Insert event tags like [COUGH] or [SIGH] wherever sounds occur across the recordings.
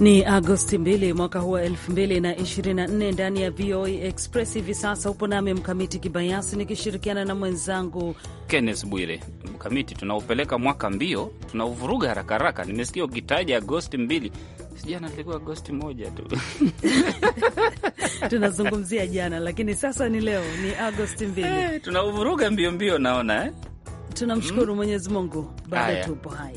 Ni Agosti 2 mwaka huu wa 2024 ndani ya VOA e Express. Hivi sasa upo nami Mkamiti Kibayasi nikishirikiana na mwenzangu Kenneth Bwire. Mkamiti, tunaupeleka mwaka mbio, tunauvuruga haraka haraka. Nimesikia ukitaja Agosti 2 Jana tulikuwa Agosti moja tu [LAUGHS] tunazungumzia jana, lakini sasa ni leo, ni Agosti mbili. Hey, eh, tunauvuruga mbio mbio naona eh? Tunamshukuru mm, Mwenyezi Mungu bado tupo hai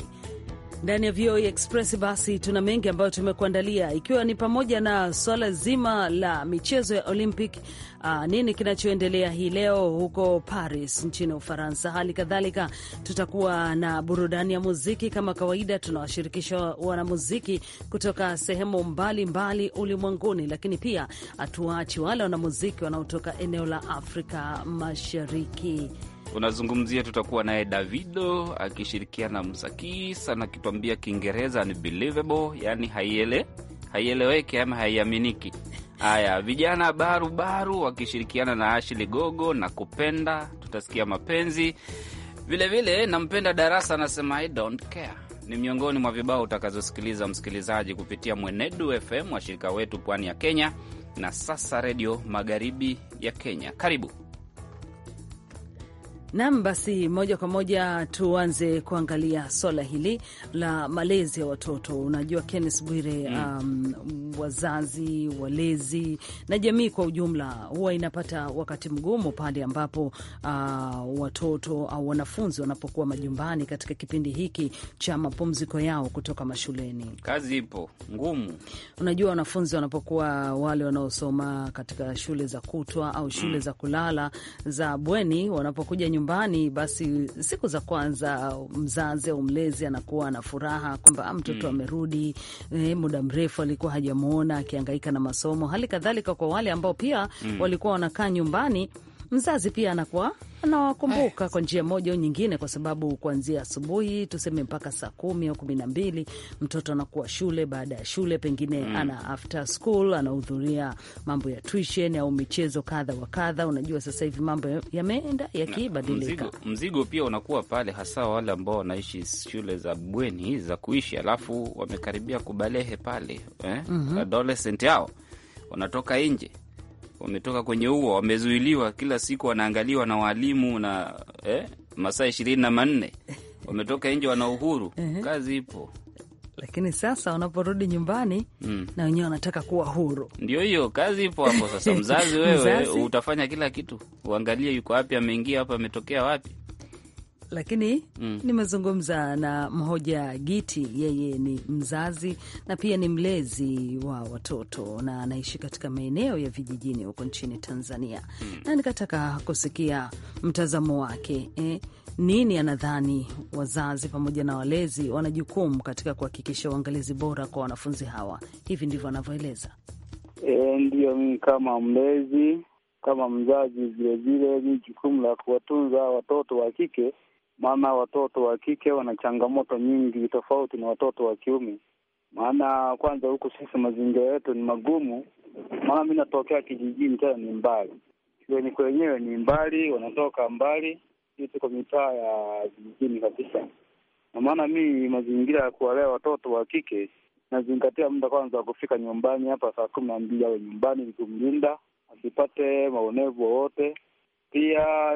ndani ya VOA e Express. Basi tuna mengi ambayo tumekuandalia, ikiwa ni pamoja na swala zima la michezo ya Olympic. Uh, nini kinachoendelea hii leo huko Paris nchini Ufaransa. Hali kadhalika tutakuwa na burudani ya muziki kama kawaida, tunawashirikisha wanamuziki kutoka sehemu mbalimbali ulimwenguni, lakini pia hatuachi wale wanamuziki wanaotoka eneo la Afrika Mashariki unazungumzia, tutakuwa naye Davido akishirikiana na sana akituambia Kiingereza unbelievable, yani haiele haieleweki ama haiaminiki. Haya, vijana barubaru wakishirikiana na Ashli Gogo na kupenda, tutasikia mapenzi vilevile vile, nampenda darasa anasema I don't care ni miongoni mwa vibao utakazosikiliza msikilizaji kupitia Mwenedu FM washirika wetu pwani ya Kenya na sasa redio magharibi ya Kenya. Karibu. Nam, basi moja kwa moja tuanze kuangalia swala hili la malezi ya watoto. Unajua Kennes Bwire, mm. um, wazazi walezi na jamii kwa ujumla huwa inapata wakati mgumu pale ambapo uh, watoto au wanafunzi wanapokuwa majumbani katika kipindi hiki cha mapumziko yao kutoka mashuleni. Kazi ipo ngumu. Unajua wanafunzi wanapokuwa wale wanaosoma katika shule za kutwa au shule mm, za kulala za bweni wanapokuja nyumbani nyumbani, basi siku za kwanza mzazi au mlezi anakuwa na furaha kwamba ah, mtoto mm. amerudi. eh, muda mrefu alikuwa hajamwona akihangaika na masomo. Hali kadhalika kwa wale ambao pia mm. walikuwa wanakaa nyumbani mzazi pia anakuwa anawakumbuka eh. kwa njia moja au nyingine, kwa sababu kuanzia asubuhi tuseme mpaka saa kumi au kumi na mbili mtoto anakuwa shule. Baada ya shule, pengine mm, ana after school, anahudhuria mambo ya tuition au michezo kadha wa kadha. Unajua sasa hivi mambo yameenda yakibadilika, mzigo, mzigo pia unakuwa pale, hasa wale ambao wanaishi shule za bweni za kuishi, alafu wamekaribia kubalehe pale eh, mm -hmm. adolescent yao wanatoka nje wametoka kwenye huo, wamezuiliwa, kila siku wanaangaliwa na waalimu na eh, masaa ishirini na manne [LAUGHS] wametoka nje, wana uhuru Kazi ipo, lakini sasa wanaporudi nyumbani mm. na wenyewe wanataka kuwa huru. Ndio hiyo kazi ipo hapo sasa. [LAUGHS] Mzazi wewe utafanya kila kitu, uangalie yuko wapi, ameingia wapi, ametokea wapi lakini mm. nimezungumza na Mhoja Giti, yeye ni mzazi na pia ni mlezi wa watoto na anaishi katika maeneo ya vijijini huko nchini Tanzania mm. na nikataka kusikia mtazamo wake eh, nini anadhani wazazi pamoja na walezi wana jukumu katika kuhakikisha uangalizi bora kwa wanafunzi hawa. Hivi ndivyo anavyoeleza. E, eh, ndiyo, mimi kama mlezi kama mzazi vilevile ni jukumu la kuwatunza watoto wa kike maana watoto wa kike wana changamoto nyingi tofauti na watoto wa kiume. Maana kwanza huku sisi mazingira yetu ni magumu, maana mi natokea kijijini, tena ni mbali, ni kwenyewe ni mbali, wanatoka mbali, sisi tuko mitaa ya vijijini kabisa. Na maana mi mazingira ya kuwalea watoto wa kike nazingatia muda kwanza wa kufika nyumbani hapa saa kumi na mbili awe nyumbani, ili asipate maonevu wowote pia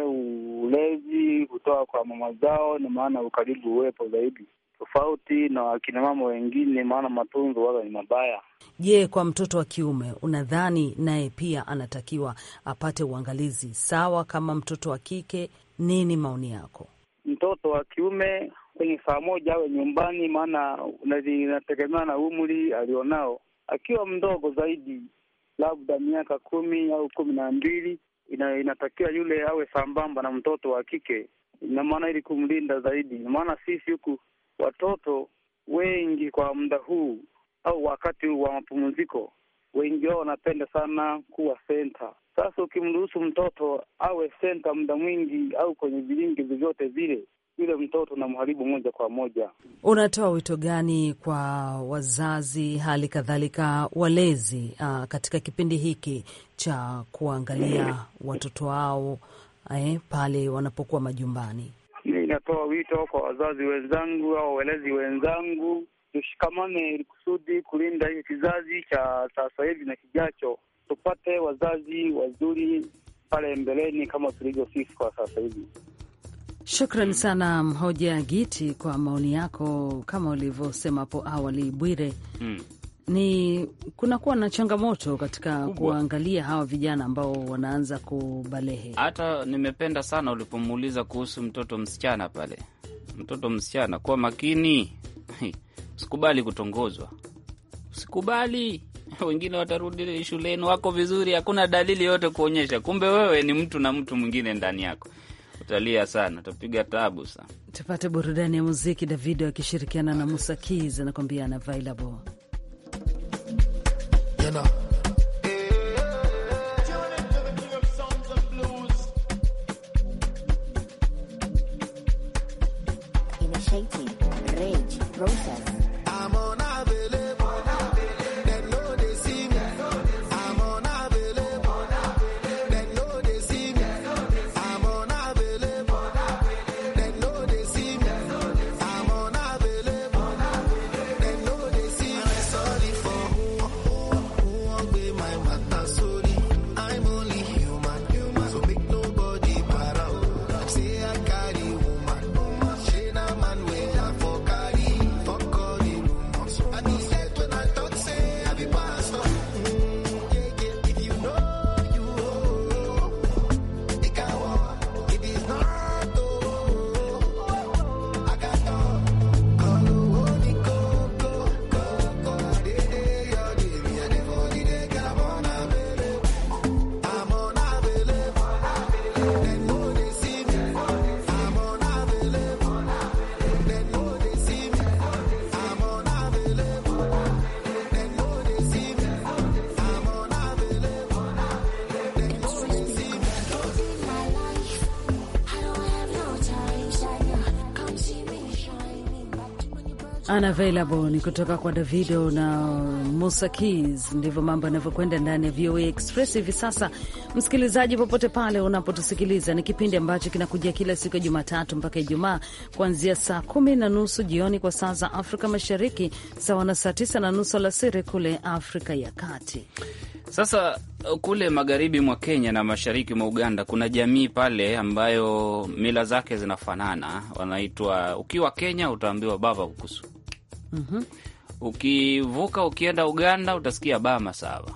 ulezi kutoka kwa mama zao, na maana ukaribu uwepo zaidi, tofauti na wakinamama wengine, maana matunzo waga ni mabaya. Je, kwa mtoto wa kiume unadhani naye pia anatakiwa apate uangalizi sawa kama mtoto wa kike? Nini maoni yako? Mtoto wa kiume kwenye saa moja awe nyumbani, maana inategemea na umri alionao. Akiwa mdogo zaidi, labda miaka kumi au kumi na mbili ina, inatakiwa yule awe sambamba na mtoto wa kike, ina maana ili kumlinda zaidi. Ina maana sisi huku watoto wengi kwa muda huu au wakati huu wa mapumziko, wengi wao wanapenda sana kuwa senta. Sasa ukimruhusu mtoto awe senta muda mwingi au kwenye vilingi vyovyote vile, yule mtoto unamharibu moja kwa moja. Unatoa wito gani kwa wazazi, hali kadhalika walezi, uh, katika kipindi hiki cha kuangalia watoto wao eh, pale wanapokuwa majumbani? Mi inatoa wito kwa wazazi wenzangu au walezi wenzangu, tushikamane ili kusudi kulinda hii kizazi cha sasa hivi na kijacho, tupate wazazi wazuri pale mbeleni kama tulivyo sisi kwa sasa hivi. Shukran sana Mhoja Giti kwa maoni yako. Kama ulivyosema hapo awali, Bwire, mm. ni kunakuwa na changamoto katika Kubwa. kuangalia hawa vijana ambao wanaanza kubalehe. Hata nimependa sana ulipomuuliza kuhusu mtoto msichana pale, mtoto msichana, kuwa makini [LAUGHS] sikubali kutongozwa, sikubali [LAUGHS] wengine watarudi shuleni wako vizuri, hakuna dalili yote kuonyesha kumbe wewe ni mtu na mtu mwingine ndani yako tutalia sana, tutapiga tabu sana. Tupate burudani ya muziki. Davido akishirikiana na Musa Keys anakuambia unavailable, you know. Unavailable ni kutoka kwa Davido na Musa Keys. Ndivyo mambo yanavyokwenda ndani ya VOA Express hivi sasa. Msikilizaji, popote pale unapotusikiliza, ni kipindi ambacho kinakujia kila siku ya Jumatatu mpaka Ijumaa kuanzia saa kumi na nusu jioni kwa saa za Afrika Mashariki, sawa na saa tisa na nusu alasiri kule Afrika ya Kati. Sasa kule magharibi mwa Kenya na mashariki mwa Uganda kuna jamii pale ambayo mila zake zinafanana, wanaitwa ukiwa Kenya utaambiwa baba kukusu mm -hmm. Ukivuka ukienda Uganda utasikia masawa.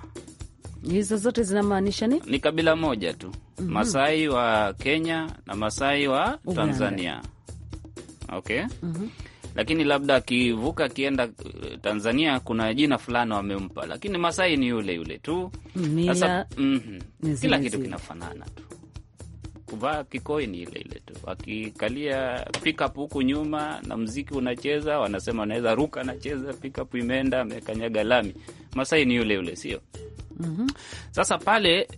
Hizo zote zinamaanisha ni ni kabila moja tu mm -hmm. Masai wa Kenya na Masai wa Uganda. Tanzania okay mm -hmm. Lakini labda akivuka akienda eh, Tanzania kuna jina fulani wamempa, lakini Masai ni yule yule tu. Sasa mm -hmm. kila kitu kinafanana tu kuvaa kikoi ni ile ile tu, wakikalia pickup huku nyuma na mziki unacheza, wanasema wanaweza ruka, anacheza pickup, imeenda amekanyaga lami. Masai ni yule yule, sio? mm -hmm. Sasa pale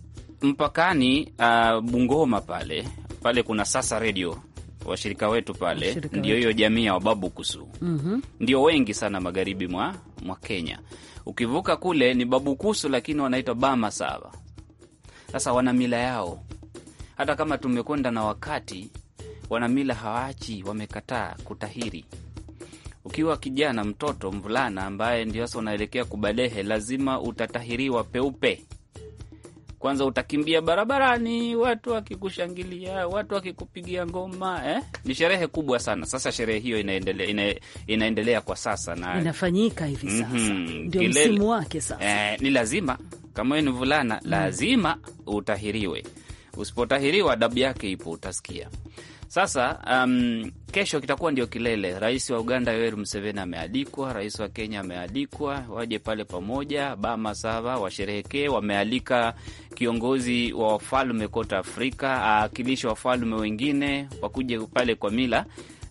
mpakani uh, Bungoma pale pale kuna sasa redio washirika wetu pale washirika ndio hiyo jamii ya Wababu Kusu mm -hmm. ndio wengi sana magharibi mwa, mwa Kenya. Ukivuka kule ni Babukusu, lakini wanaitwa Bama Saba. Sasa wana mila yao hata kama tumekwenda na wakati, wanamila hawachi wamekataa kutahiri. Ukiwa kijana, mtoto, mvulana ambaye ndio sasa unaelekea kubalehe, lazima utatahiriwa peupe. Kwanza utakimbia barabarani, watu wakikushangilia, watu wakikupigia ngoma eh? Ni sherehe kubwa sana. Sasa sherehe hiyo inaendelea, ina, inaendelea kwa sasa na inafanyika hivi mhm. sasa mm -hmm. Ndio msimu wake sasa eh, ni lazima kama wewe ni mvulana lazima utahiriwe Usipotahiriwa adabu yake ipo, utasikia. Sasa um, kesho kitakuwa ndio kilele. Rais wa Uganda Yoweri Museveni amealikwa, rais wa Kenya amealikwa, waje pale pamoja Bamasava washerehekee. Wamealika kiongozi wa wafalme kote Afrika, awakilishe wafalme wengine wakuje pale kwa mila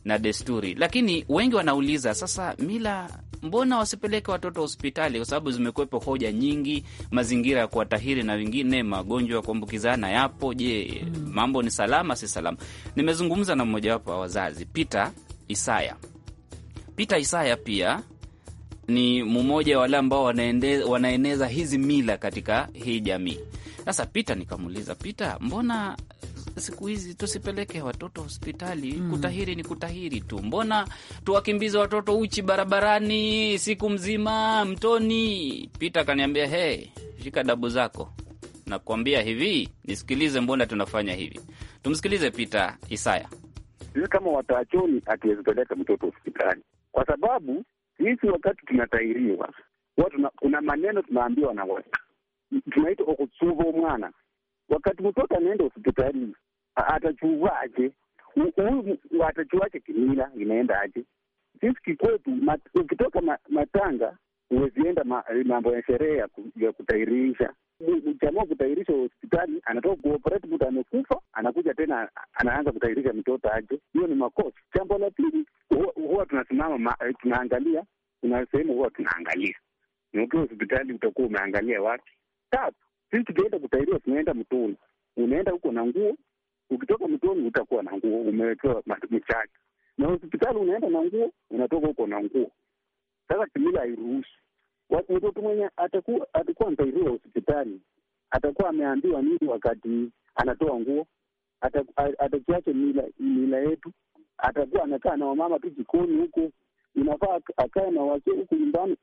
na desturi. Lakini wengi wanauliza sasa, mila mbona wasipeleke watoto hospitali? Kwa sababu zimekuwepo hoja nyingi, mazingira ya kuwatahiri na wengine, magonjwa ya kuambukizana yapo. Je, hmm. mambo ni salama, si salama? Nimezungumza na mmojawapo wa wazazi Peter Isaya. Peter Isaya pia ni mmoja wa wale ambao wanaeneza hizi mila katika hii jamii. Sasa Peter, nikamuuliza Peter, mbona siku hizi tusipeleke watoto hospitali mm. Kutahiri ni kutahiri tu, mbona tuwakimbize watoto uchi barabarani siku mzima mtoni? Pita akaniambia he, shika dabu zako nakwambia hivi, nisikilize, mbona tunafanya hivi? Tumsikilize Pita Isaya. Sisi kama watachoni hatuwezipeleka mtoto hospitali kwa sababu sisi wakati tunatahiriwa tuna, kuna maneno tunaambiwa na watu tunaitwa okusuva mwana. Wakati mtoto anaenda hospitalini, atachuvaje Huyu atachuaje? Kimila inaendaje? Sisi kikwetu mat, ukitoka matanga huwezienda mambo ya sherehe ya, ya kutairisha jamaa kutairisha hospitali, anatoka kuoperate mtu amekufa, anakuja tena anaanza kutairisha mtoto aje? Hiyo ni makosa. Jambo la pili, huwa tunasimama tunaangalia, kuna sehemu huwa tunaangalia ni hospitali utakuwa umeangalia wapi? Tatu, sisi tukienda kutairia tunaenda mtuni unaenda huko na nguo Ukitoka mtoni utakuwa na nguo, umewekewa mchaki na hospitali unaenda na nguo, unatoka huko na nguo. Sasa kimila hairuhusu mtoto mwenye atakuwa ntairiwa hospitali, atakuwa ameambiwa nini wakati anatoa nguo? Atakiache mila mila yetu, atakuwa anakaa na wamama tu jikoni huko. Inafaa akae na wazee huku nyumbani,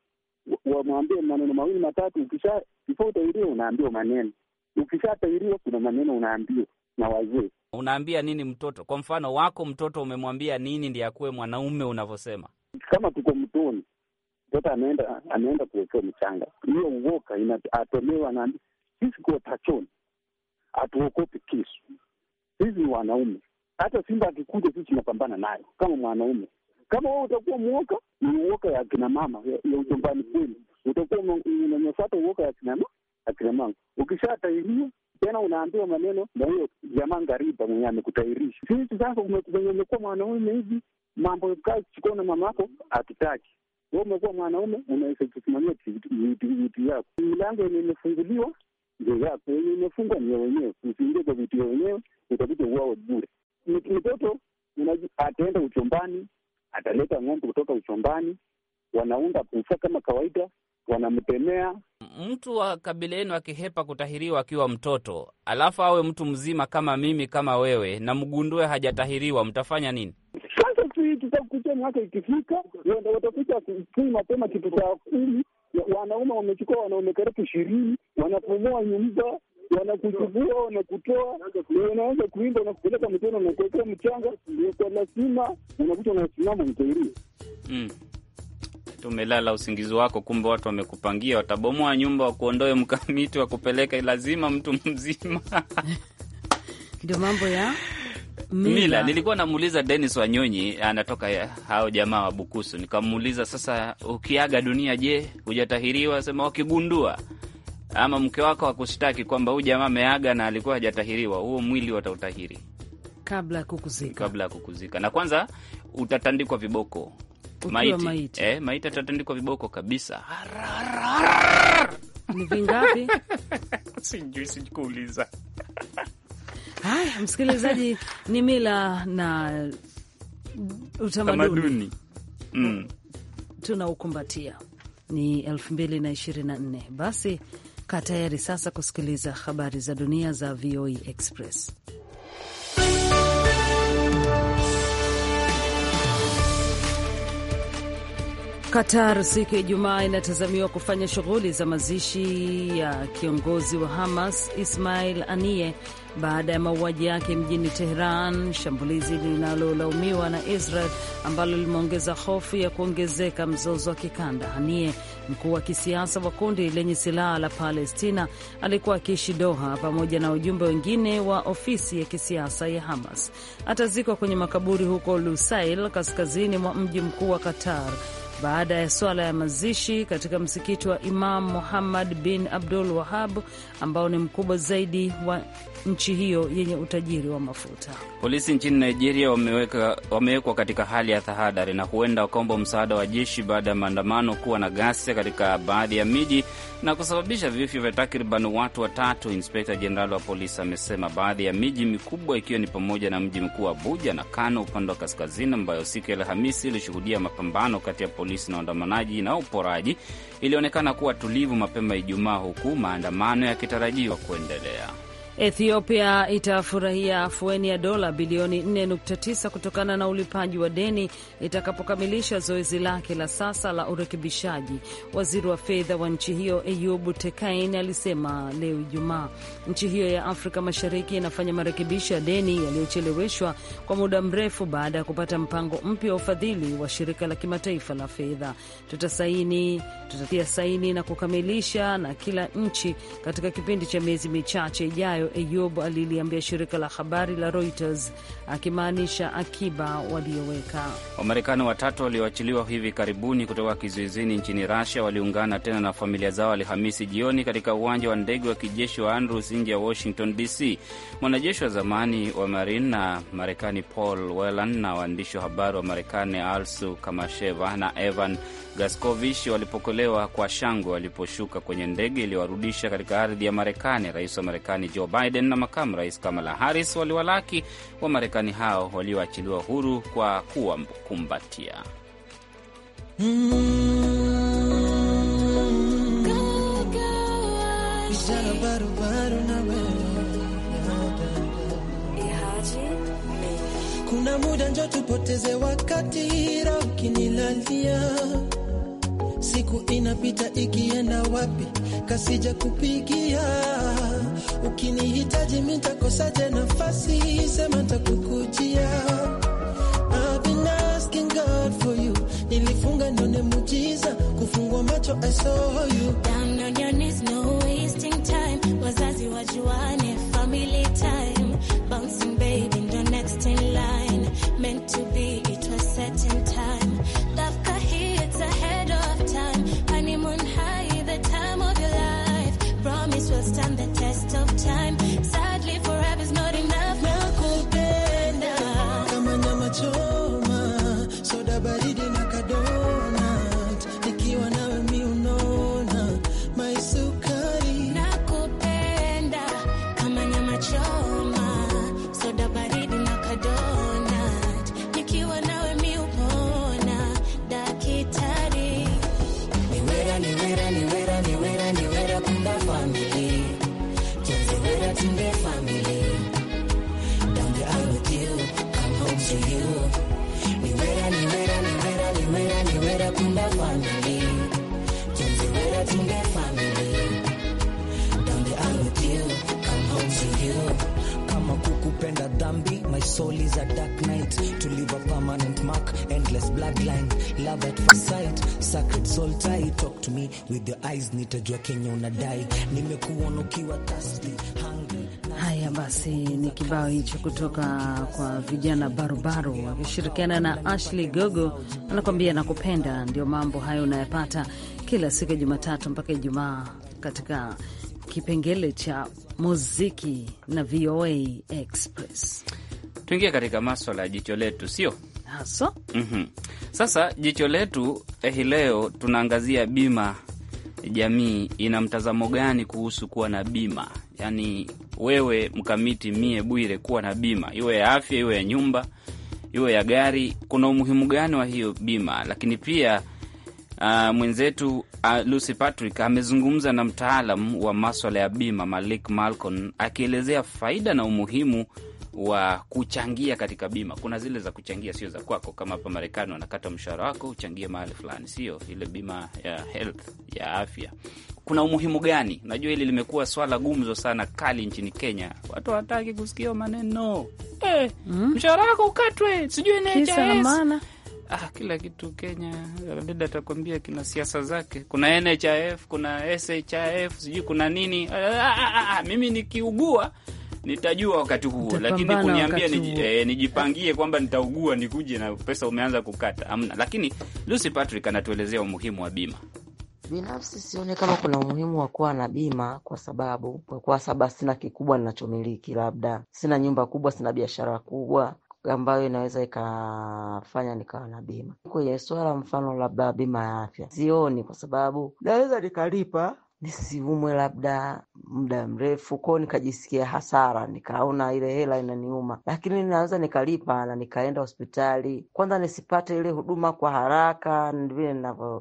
wamwambie maneno mawili matatu. Ukisha before utairiwa, unaambiwa maneno. Ukisha tairiwa, kuna maneno unaambiwa na wazee. Unaambia nini mtoto? Kwa mfano wako mtoto umemwambia nini ndiye akuwe mwanaume unavyosema? Kama tuko mtoni, mtoto anaenda anaenda kuwekewa mchanga, hiyo uoka atolewa na sisi kuotachoni, hatuokopi kisu, sisi ni wanaume. Hata simba akikuja, sisi tunapambana nayo kama mwanaume. Kama wewe utakuwa muoka, ni uoka ya akina mama ya ujombani kwenu, utakuwa unanyofata uoka ya akina mama. Ukishatahiriwa tena unaambiwa maneno na hiyo jamaa ngariba mwenye amekutairisha. Sisi sasa venye umekuwa mwanaume hivi, mambo kazi chukua na mama yako hatutaki. We umekuwa mwanaume, unaweza kusimamia vitu yako. Milango yenye imefunguliwa ndio yako, yenye imefungwa niyo wenyewe. Usiingie kwa vitu wenyewe, utakuja uwao bure. Mtoto ataenda uchombani, ataleta ng'ombe kutoka uchombani, wanaunda pusa kama kawaida, wanamtemea mtu wa kabila yenu akihepa kutahiriwa akiwa mtoto, alafu awe mtu mzima kama mimi kama wewe, na mgundue hajatahiriwa, mtafanya nini? Sasa tutakucha miaka ikifika, watakuta kui mapema kitu cha kumi, wanaume wamechukua wanaume karibu ishirini, wanapomoa nyumba wanakuchukua wanakutoa, wanaanza kuimba, nakupeleka mtono, nakuekea mchanga, kwa lazima unakuta unasimama mtairii mm tumelala usingizi wako, kumbe watu wamekupangia, watabomoa nyumba, wakuondoe mkamiti, wakupeleka, lazima mtu mzima [LAUGHS] ndio mambo ya Mila. Mila nilikuwa namuuliza Denis Wanyonyi, anatoka hao jamaa wa Bukusu, nikamuuliza sasa, ukiaga dunia, je, hujatahiriwa? Sema wakigundua ama mke wako akushtaki kwamba huyu jamaa ameaga na alikuwa hajatahiriwa, huo mwili watautahiri kabla ya kukuzika, kabla ya kukuzika, na kwanza utatandikwa viboko maiti, maiti. Eh, maiti atatandikwa viboko kabisa. Ni vingapi? [LAUGHS] Sijui, sikuuliza. Haya, msikilizaji, ni mila na utamaduni mm, tunaukumbatia ni 2024 basi, kaa tayari sasa kusikiliza habari za dunia za VOA e Express. Qatar siku ya Ijumaa inatazamiwa kufanya shughuli za mazishi ya kiongozi wa Hamas Ismail Anie baada ya mauaji yake mjini Teheran, shambulizi linalolaumiwa na Israel ambalo limeongeza hofu ya kuongezeka mzozo wa kikanda. Anie, mkuu wa kisiasa wa kundi lenye silaha la Palestina, alikuwa akiishi Doha pamoja na wajumbe wengine wa ofisi ya kisiasa ya Hamas. Atazikwa kwenye makaburi huko Lusail, kaskazini mwa mji mkuu wa Qatar baada ya swala ya mazishi katika msikiti wa Imam Muhammad bin Abdul Wahab ambao ni mkubwa zaidi wa nchi hiyo yenye utajiri wa mafuta. Polisi nchini Nigeria wamewekwa katika hali ya tahadhari na huenda wakaomba msaada wa jeshi baada ya maandamano kuwa na ghasia katika baadhi ya miji na kusababisha vifo vya takriban watu watatu. Inspekta Jenerali wa polisi amesema baadhi ya miji mikubwa ikiwa ni pamoja na mji mkuu wa Abuja na Kano upande wa kaskazini, ambayo siku ya Alhamisi ilishuhudia mapambano kati ya polisi na waandamanaji na uporaji, ilionekana kuwa tulivu mapema Ijumaa, huku maandamano yakitarajiwa kuendelea. Ethiopia itafurahia afueni ya dola bilioni 4.9 kutokana na ulipaji wa deni itakapokamilisha zoezi lake la sasa la urekebishaji. Waziri wa fedha wa nchi hiyo Eyubu Tekain alisema leo Ijumaa. Nchi hiyo ya Afrika Mashariki inafanya marekebisho ya deni yaliyocheleweshwa kwa muda mrefu baada ya kupata mpango mpya wa ufadhili wa shirika la kimataifa la fedha. Tutasaini, tutatia saini na kukamilisha na kila nchi katika kipindi cha miezi michache ijayo ambayo Eyub aliliambia shirika la habari la Reuters akimaanisha akiba walioweka. Wamarekani watatu walioachiliwa hivi karibuni kutoka kizuizini nchini Rasia waliungana tena na familia zao Alhamisi jioni katika uwanja wa ndege wa kijeshi wa Andrews nje ya Washington DC. Mwanajeshi wa zamani wa marin na Marekani Paul Whelan na waandishi wa habari wa Marekani Alsu Kamasheva na Evan Gaskovich walipokelewa kwa shangwe waliposhuka kwenye ndege iliyowarudisha katika ardhi ya Marekani. Rais wa Marekani Joe Biden na makamu rais Kamala Harris waliwalaki wa Marekani hao walioachiliwa huru kwa kuwakumbatia. Kuna muda njo tupoteze wakati, roho ukinilalia, siku inapita ikienda wapi, kasija kupigia ukinihitaji mitakosaje nafasi, sema takukujia. nilifunga ndone mujiza, kufungua macho I saw you. Down on your knees, no wasting time, wazazi wajuane, family time. a dark night to leave a permanent mark, endless bloodline, love at first sight, sacred soul tie. Talk to me with your eyes, nitajua Kenya una die. nimekuona ukiwa thirsty hungry. Haya basi, ni kibao hicho kutoka kwa vijana barubaru wakishirikiana na Ashley Gogo, anakuambia nakupenda. Ndio mambo hayo unayapata kila siku ya Jumatatu mpaka Ijumaa katika kipengele cha muziki na VOA Express tuingie katika maswala ya jicho letu, sio haswa? mm -hmm. Sasa jicho letu eh, hii leo tunaangazia bima jamii ina mtazamo gani kuhusu kuwa na bima? Yaani wewe Mkamiti, mie Bwire, kuwa na bima iwe ya afya, iwe ya nyumba, iwe ya gari, kuna umuhimu gani wa hiyo bima? Lakini pia uh, mwenzetu uh, Lucy Patrick amezungumza na mtaalam wa maswala ya bima Malik Malcon akielezea faida na umuhimu wa kuchangia katika bima. Kuna zile za kuchangia, sio za kwako. Kama hapa Marekani wanakata mshahara wako uchangie mahali fulani, sio ile bima ya health ya afya. Kuna umuhimu gani? Najua hili limekuwa swala gumzo sana kali nchini Kenya, watu hawataki kusikia maneno eh, mm. mshahara wako ukatwe, sijui NHIF Ah, kila kitu Kenya dada atakwambia kina siasa zake. Kuna NHIF, kuna SHIF, sijui kuna nini. Ah, ah, ah, ah, ah mimi nikiugua nitajua wakati huo, lakini kuniambia eh, nijipangie kwamba nitaugua nikuje na pesa umeanza kukata, amna. Lakini Lucy Patrick anatuelezea umuhimu wa bima. Binafsi sioni kama kuna umuhimu wa kuwa na bima, kwa sababu kwa kuwa saba sina kikubwa ninachomiliki, labda sina nyumba kubwa, sina biashara kubwa ambayo inaweza ikafanya nikawa na bima. Kwenye swala mfano labda bima ya afya sioni, kwa sababu naweza nikalipa nisiumwe labda muda mrefu kwao, nikajisikia hasara, nikaona ile hela inaniuma, lakini naweza nikalipa na nikaenda hospitali. Kwanza nisipate ile huduma kwa haraka vile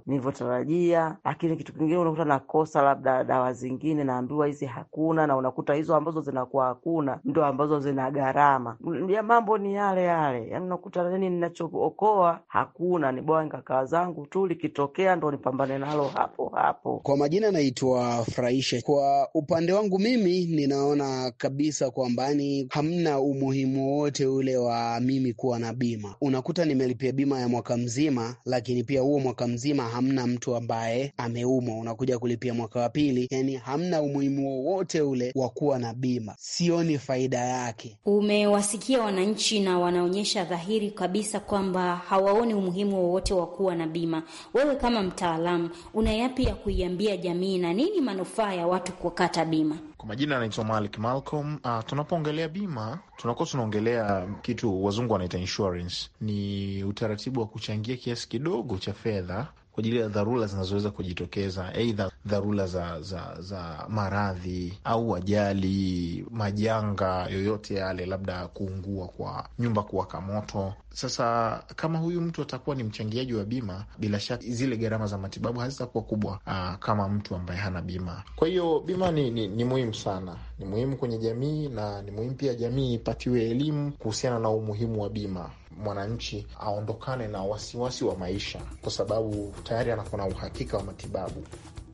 nilivyotarajia, lakini kitu kingine unakuta nakosa labda dawa zingine, naambiwa hizi hakuna, na unakuta hizo ambazo zinakuwa hakuna ndo ambazo zina gharama. Ya mambo ni yale yale, yani unakuta nini, ninachookoa hakuna, ni bora nikakaa zangu tu, likitokea ndo nipambane nalo hapo hapo. Kwa majina naitwa kuwafurahisha. Kwa upande wangu mimi ninaona kabisa kwamba ni hamna umuhimu wowote ule wa mimi kuwa na bima. Unakuta nimelipia bima ya mwaka mzima, lakini pia huo mwaka mzima hamna mtu ambaye ameumwa, unakuja kulipia mwaka wa pili. Yani hamna umuhimu wowote ule wa kuwa na bima, sioni faida yake. Umewasikia wananchi na wanaonyesha dhahiri kabisa kwamba hawaoni umuhimu wowote wa kuwa na bima. Wewe kama mtaalamu, una yapi ya kuiambia jamii na nini manufaa ya watu kukata bima? Kwa majina anaitwa Malik Malcolm. Uh, tunapoongelea bima tunakuwa tunaongelea kitu wazungu wanaita insurance. Ni utaratibu wa kuchangia kiasi kidogo cha fedha kwa ajili ya dharura zinazoweza kujitokeza, aidha dharura za, za, za maradhi au ajali, majanga yoyote yale, labda kuungua kwa nyumba, kuwaka moto. Sasa kama huyu mtu atakuwa ni mchangiaji wa bima, bila shaka zile gharama za matibabu hazitakuwa kubwa aa, ah, kama mtu ambaye hana bima. Kwa hiyo bima ni, ni, ni muhimu sana, ni muhimu kwenye jamii na ni muhimu pia jamii ipatiwe elimu kuhusiana na umuhimu wa bima mwananchi aondokane na wasiwasi wa maisha, kwa sababu tayari anakuwa na uhakika wa matibabu.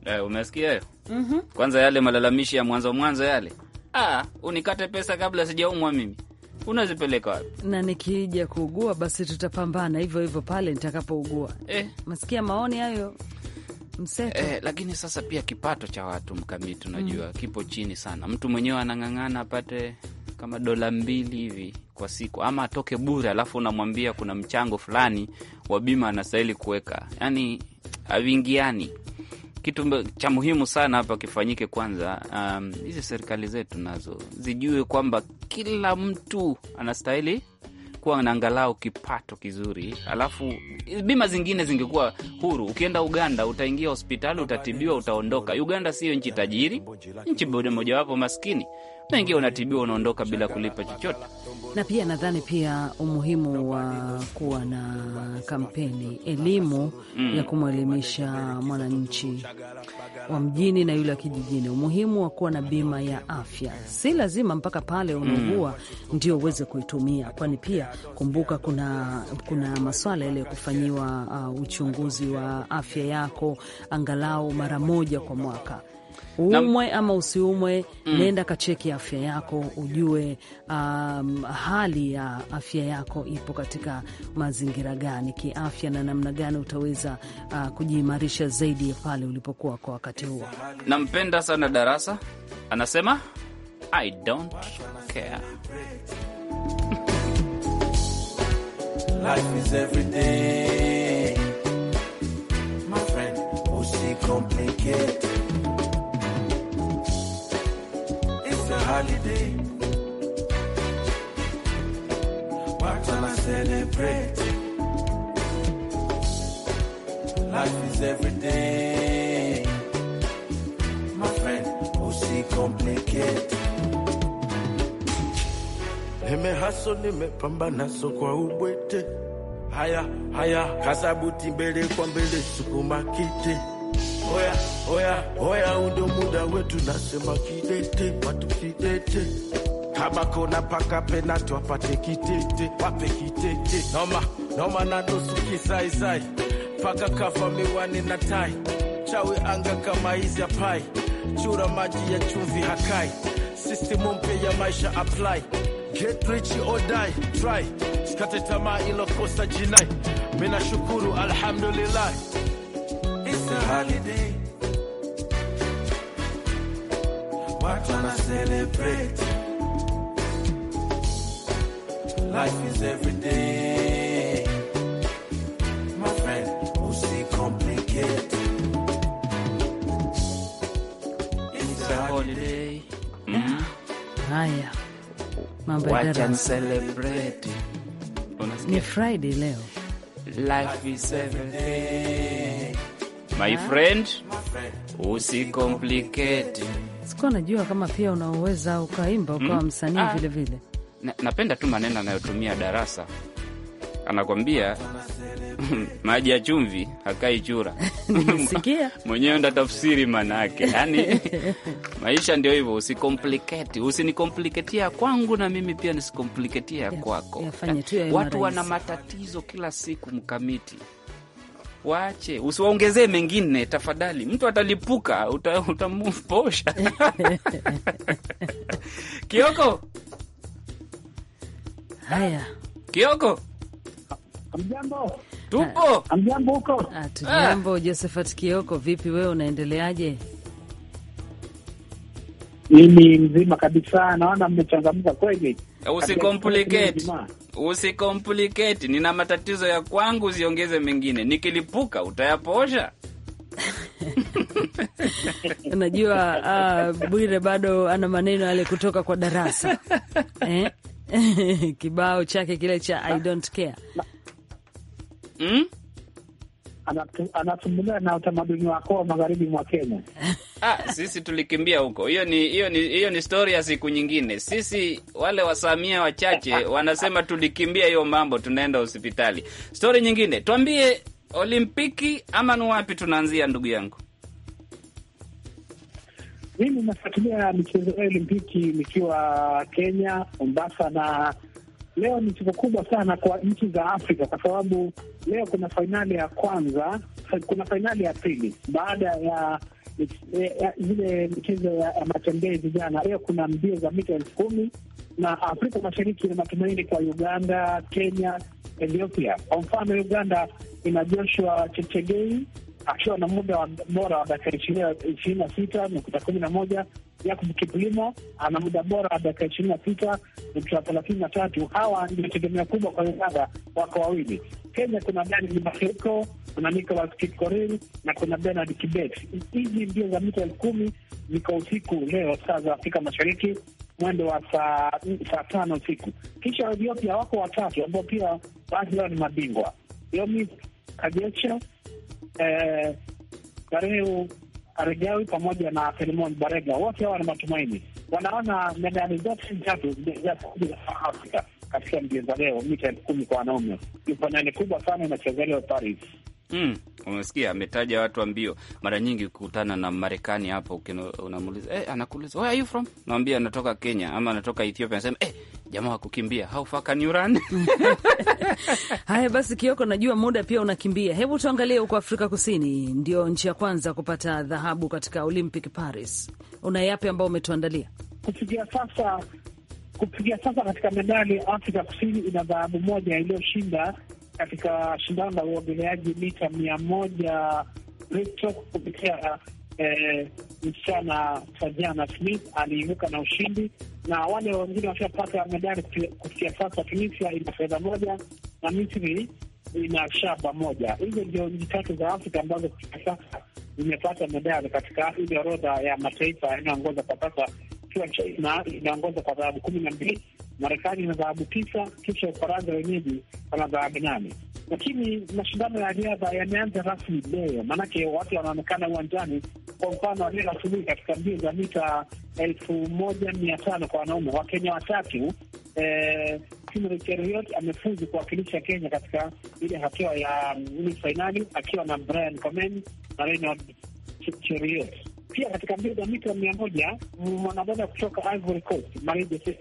Eh, umesikia hayo? mm -hmm. Kwanza yale malalamishi ya mwanzo mwanzo yale, ah, unikate pesa kabla sijaumwa mimi unazipeleka wapi? Na nikija kuugua basi tutapambana hivyo hivyo pale nitakapougua. Eh, masikia maoni hayo mseto. Eh, lakini sasa pia kipato cha watu mkamiti, unajua mm, kipo chini sana. Mtu mwenyewe anang'ang'ana apate kama dola mbili hivi kwa siku, ama atoke bure, alafu unamwambia kuna mchango fulani wa bima anastahili kuweka. Yani haviingiani. Kitu cha muhimu sana hapa kifanyike kwanza, um, hizi um, serikali zetu nazo zijue kwamba kila mtu anastahili kuwa na angalau kipato kizuri, alafu bima zingine zingekuwa huru. Ukienda Uganda utaingia hospitali, utatibiwa, utaondoka. Uganda siyo nchi tajiri, nchi mojawapo maskini naingia unatibiwa unaondoka bila kulipa chochote. Na pia nadhani pia umuhimu wa kuwa na kampeni elimu mm, ya kumwelimisha mwananchi wa mjini na yule wa kijijini, umuhimu wa kuwa na bima ya afya. Si lazima mpaka pale unaugua mm, ndio uweze kuitumia, kwani pia kumbuka, kuna, kuna maswala yale ya kufanyiwa uh, uchunguzi wa afya yako angalau mara moja kwa mwaka uumwe ama usiumwe mm. Nenda kacheki afya yako ujue, um, hali ya afya yako ipo katika mazingira gani kiafya, na namna gani utaweza uh, kujiimarisha zaidi ya pale ulipokuwa kwa wakati huo. Nampenda sana Darasa, anasema I don't care. Life is My friend, holiday. What am I celebrate? Life is every day. My friend, oh, see complicate. Nimehaso nimepambana so kwa ubwete, haya haya, kasabuti mbele kwa mbele, sukuma kite oya oya oya, undo muda wetu, nasema kidete watu kidete, kama kona paka penatu apate kitete, wape kitete noma noma na nusu kisaisai paka kafa miwani na tai chawi anga kama hizi apai chura maji ya chumvi hakai sistemu mpya ya maisha apply get rich or die try sikate tamaa ilokosa jinai mina shukuru alhamdulillah a holiday. we can gonna celebrate. Life is every day. My friend, who see complicated? It's a holiday. Mm. Mm-hmm. Haya, ah, mambo ya celebrate. Ni Friday leo. Life is every day. my friend, usikomplicate. Sikuwa najua kama pia unaoweza ukaimba hmm? ukawa mm, msanii ah, vile. na, napenda tu maneno anayotumia darasa anakwambia [LAUGHS] maji ya chumvi hakai chura [LAUGHS] [LAUGHS] mwenyewe nda tafsiri manake, yani maisha ndio hivyo, usikompliketi, usinikompliketia kwangu na mimi pia nisikompliketia kwako. Watu wana matatizo kila siku mkamiti waache, usiwaongezee mengine tafadhali. Mtu atalipuka, utamposha uta [LAUGHS] Kioko. Haya, Kioko. Mjambo. Tupo. Mjambo huko. Ah, tujambo, ah. Josephat Kioko, vipi wewe unaendeleaje? Mimi mzima kabisa, naona mmechangamka kweli. Usikomplicate. Usikompliketi, nina matatizo ya kwangu, usiongeze mengine, nikilipuka utayaposha. [LAUGHS] Unajua uh, Bwire bado ana maneno yale kutoka kwa darasa [LAUGHS] eh? [LAUGHS] kibao chake kile cha I don't care mm? anasumbuliwa na utamaduni wako wa magharibi mwa Kenya. Ah, sisi tulikimbia huko. Hiyo ni hiyo ni hiyo ni story ya siku nyingine. Sisi wale wasamia wachache wanasema tulikimbia hiyo mambo, tunaenda hospitali. Story nyingine, tuambie Olimpiki ama ni wapi tunaanzia, ndugu yangu? Mimi nafuatilia michezo ya Olimpiki nikiwa Kenya, Mombasa na leo ni siku kubwa sana kwa nchi za Afrika kwa sababu leo kuna fainali ya kwanza, kuna fainali ya pili baada ya zile michezo ya matembezi jana. Leo kuna mbio za mita elfu kumi na Afrika Mashariki ina matumaini kwa Uganda, Kenya, Ethiopia. Kwa mfano, Uganda ina Joshua Cheptegei akiwa na muda bora wa dakika ishirini na sita nukta kumi na moja Yakub Kiplimo ana muda bora wa dakika ishirini na sita nukta thelathini na tatu. Hawa ndio tegemea kubwa kwa Uganda, wako wawili. Kenya kuna Dani Maheko, kuna Nicolas Kipkorir na kuna Bernard Kibet. Hizi mbio za mita elfu kumi ziko usiku leo saa za Afrika Mashariki, mwendo wa saa saa tano usiku. Kisha Ethiopia wako watatu ambao pia baadhi yao ni mabingwa Yomi Kajecha, eh, Bareu Aregawi pamoja na Selemon Barega, wote hawa na matumaini, wanaona medali zote tatu za Afrika katika mbio za leo mita elfu kumi kwa wanaume. Ni fainali kubwa sana inacheza leo Paris. Mm, umesikia ametaja watu wa mbio. Mara nyingi kukutana na Marekani hapo, unamuuliza eh, anakuuliza where are you from, nawambia anatoka Kenya ama anatoka Ethiopia, anasema eh, jamaa wa kukimbia haufakanyuran [LAUGHS] Haya basi, Kioko, najua muda pia unakimbia. Hebu tuangalie huko Afrika Kusini, ndio nchi ya kwanza kupata dhahabu katika Olympic Paris. Una yapi ambao umetuandalia kufikia sasa? Kupigia sasa katika medali, Afrika Kusini ina dhahabu moja iliyoshinda katika shindano la uogeleaji mita mia moja kupitia eh, msichana Sajana Smith aliibuka na ushindi, na wale wengine washapata medali kufikia sasa. Tunisia ina fedha moja na Misri ina shaba moja. Hizo ndio nchi tatu za Afrika ambazo kufikia sasa zimepata medali katika ile orodha ya mataifa yanayoongoza kwa sasa. Ikiwa China inaongoza kwa dhahabu kumi na mbili, Marekani ina dhahabu tisa, kisha Ufaransa wenyeji wana dhahabu nane lakini mashindano ya riadha yameanza rasmi leo, maanake watu wanaonekana uwanjani kwa mfano wanene asubuhi katika mbio za mita elfu moja mia tano kwa wanaume Wakenya watatu eh, Cheruiyot amefuzu kuwakilisha Kenya katika ile hatua ya nusu fainali akiwa na Brian Komen na Reynold Cheruiyot. Pia katika mbio za mita mia moja mwanadada kutoka Ivory Coast Marie Jose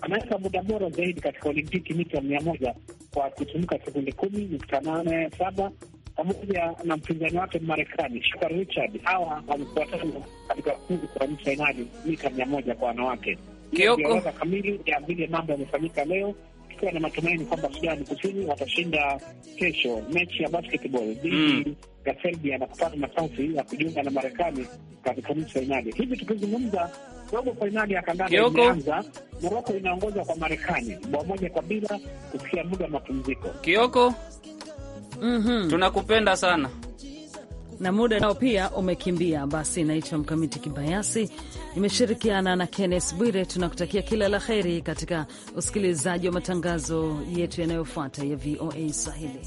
ameweka muda bora zaidi katika Olimpiki mita mia moja kwa kutumika sekunde kumi nukta nane saba pamoja na mpinzani wake Marekani Shaka Richard. Hawa wamefuatana katika kundi kwa nusu fainali mita mia moja kwa wanawake. Orodha kamili ya vile mambo yamefanyika leo, ikiwa na matumaini kwamba Sudani Kusini watashinda kesho mechi ya basketball dhidi mm. ya Serbia na kupata nafasi ya kujiunga na Marekani katika nusu fainali. Hivi tukizungumza robo fainali ya kandanda imeanza. Moroko inaongozwa kwa Marekani bao moja kwa bila kufikia muda wa mapumziko. Kioko mm -hmm. Tunakupenda sana na muda nao pia umekimbia. Basi naitwa Mkamiti Kibayasi, nimeshirikiana na Kennes Bwire. Tunakutakia kila la heri katika usikilizaji wa matangazo yetu yanayofuata ya VOA Swahili.